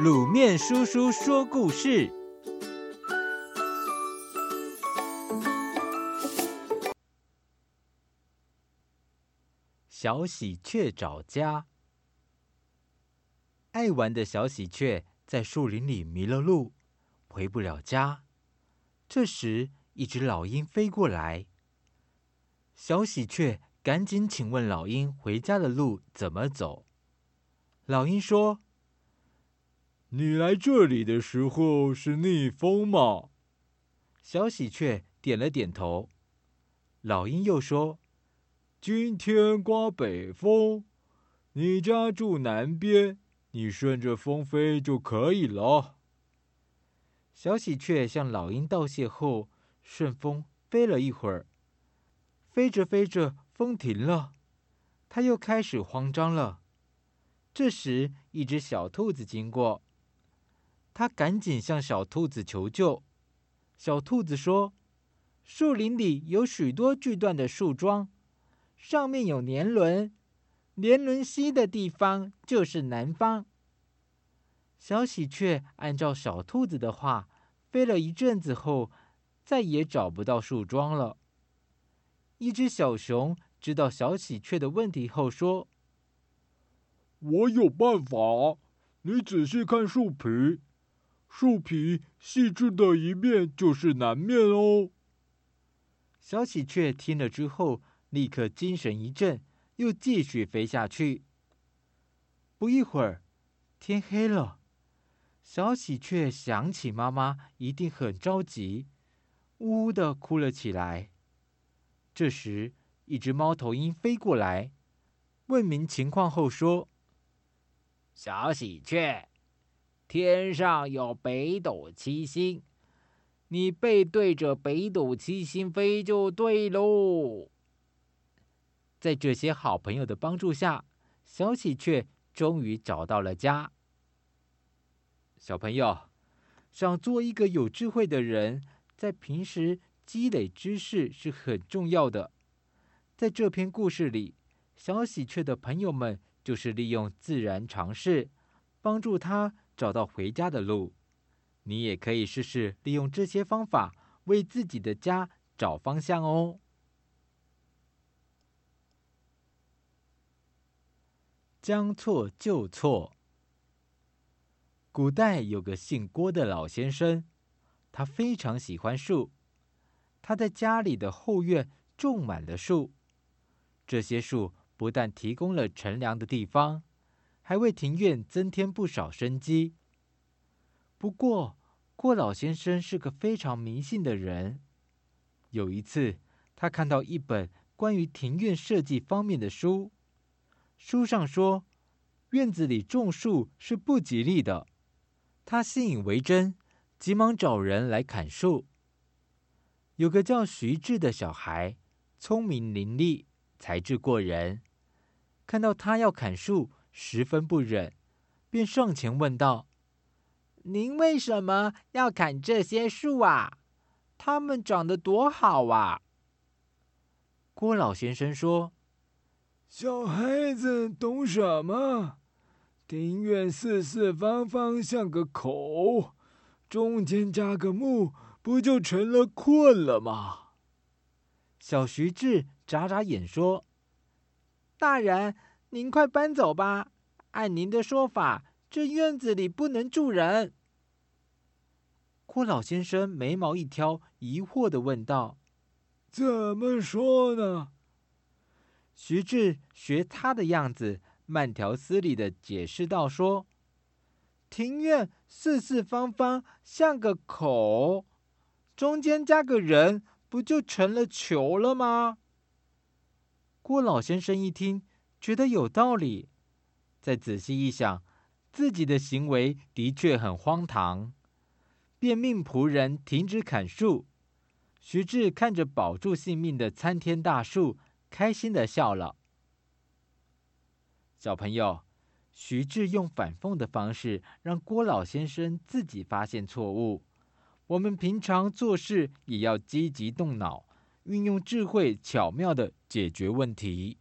滷麵叔叔說故事：小喜鵲找家。愛玩的小喜鵲在樹林裡迷了路，回不了家。這時，一只老鷹飛過來，小喜鵲趕緊請問老鷹回家的路怎麼走。老鷹說。你來這裡的時候是逆風嗎？小喜鵲點了點頭。老鷹又說：“今天颳北風，你家住南邊，你順着風飛就可以了。”小喜鵲向老鷹道謝後，順風飛了一會兒。飛着飛着，風停了，它又開始慌張了。這時，一隻小兔子經過。他趕緊向小兔子求救。小兔子說：“樹林裡有許多鋸斷的樹樁，上面有年輪，年輪稀的地方就是南方。”小喜鵲按照小兔子的話飛了一陣子後，再也找不到樹樁了。一隻小熊知道小喜鵲的問題後說：“我有辦法，你仔細看樹皮。”樹皮細緻的一面就是南面哦。小喜鵲聽了之後，立刻精神一振，又繼續飛下去。不一會兒，天黑了，小喜鵲想起媽媽一定很着急，嗚嗚的哭了起來。這時，一只貓頭鷹飛過來，問明情況後說：“小喜鵲。”天上有北斗七星，你背對着北斗七星飛就對嘍。在這些好朋友的幫助下，小喜鵲終於找到了家。小朋友，想做一個有智慧的人，在平時積累知識是很重要的。在這篇故事裡，小喜鵲的朋友們就是利用自然常識幫助他。找到回家的路，你也可以試試利用這些方法為自己的家找方向哦。將錯就錯。古代有個姓郭的老先生，他非常喜歡樹，他在家裡的後院種滿了樹，這些樹不但提供了乘涼的地方，還為庭院增添不少生機。不過，郭老先生是個非常迷信的人。有一次，他看到一本關於庭院設計方面的書，書上說院子裡種樹是不吉利的。他信以為真，急忙找人來砍樹。有個叫徐志的小孩，聰明伶俐，才智過人。看到他要砍樹，十分不忍，便上前問道：“您為什麼要砍這些樹啊？它們長得多好啊！”郭老先生說：“小孩子懂什麼？庭院四四方方，像個口，中間加個木，不就成了困了嗎？”小徐志眨眨眼說：“大人。”您快搬走吧！按您的說法，這院子裡不能住人。郭老先生眉毛一挑，疑惑地問道：“怎麼說呢？”徐志學他的樣子，慢條斯理地解釋道：“說，庭院四四方方，像個口，中間加個人，不就成了囚了嗎？”郭老先生一聽。覺得有道理，再仔細一想，自己的行為的確很荒唐，便命僕人停止砍樹。徐志看着保住性命的參天大樹，開心的笑了。小朋友，徐志用反諷的方式讓郭老先生自己發現錯誤。我們平常做事也要積極動腦，運用智慧巧妙的解決問題。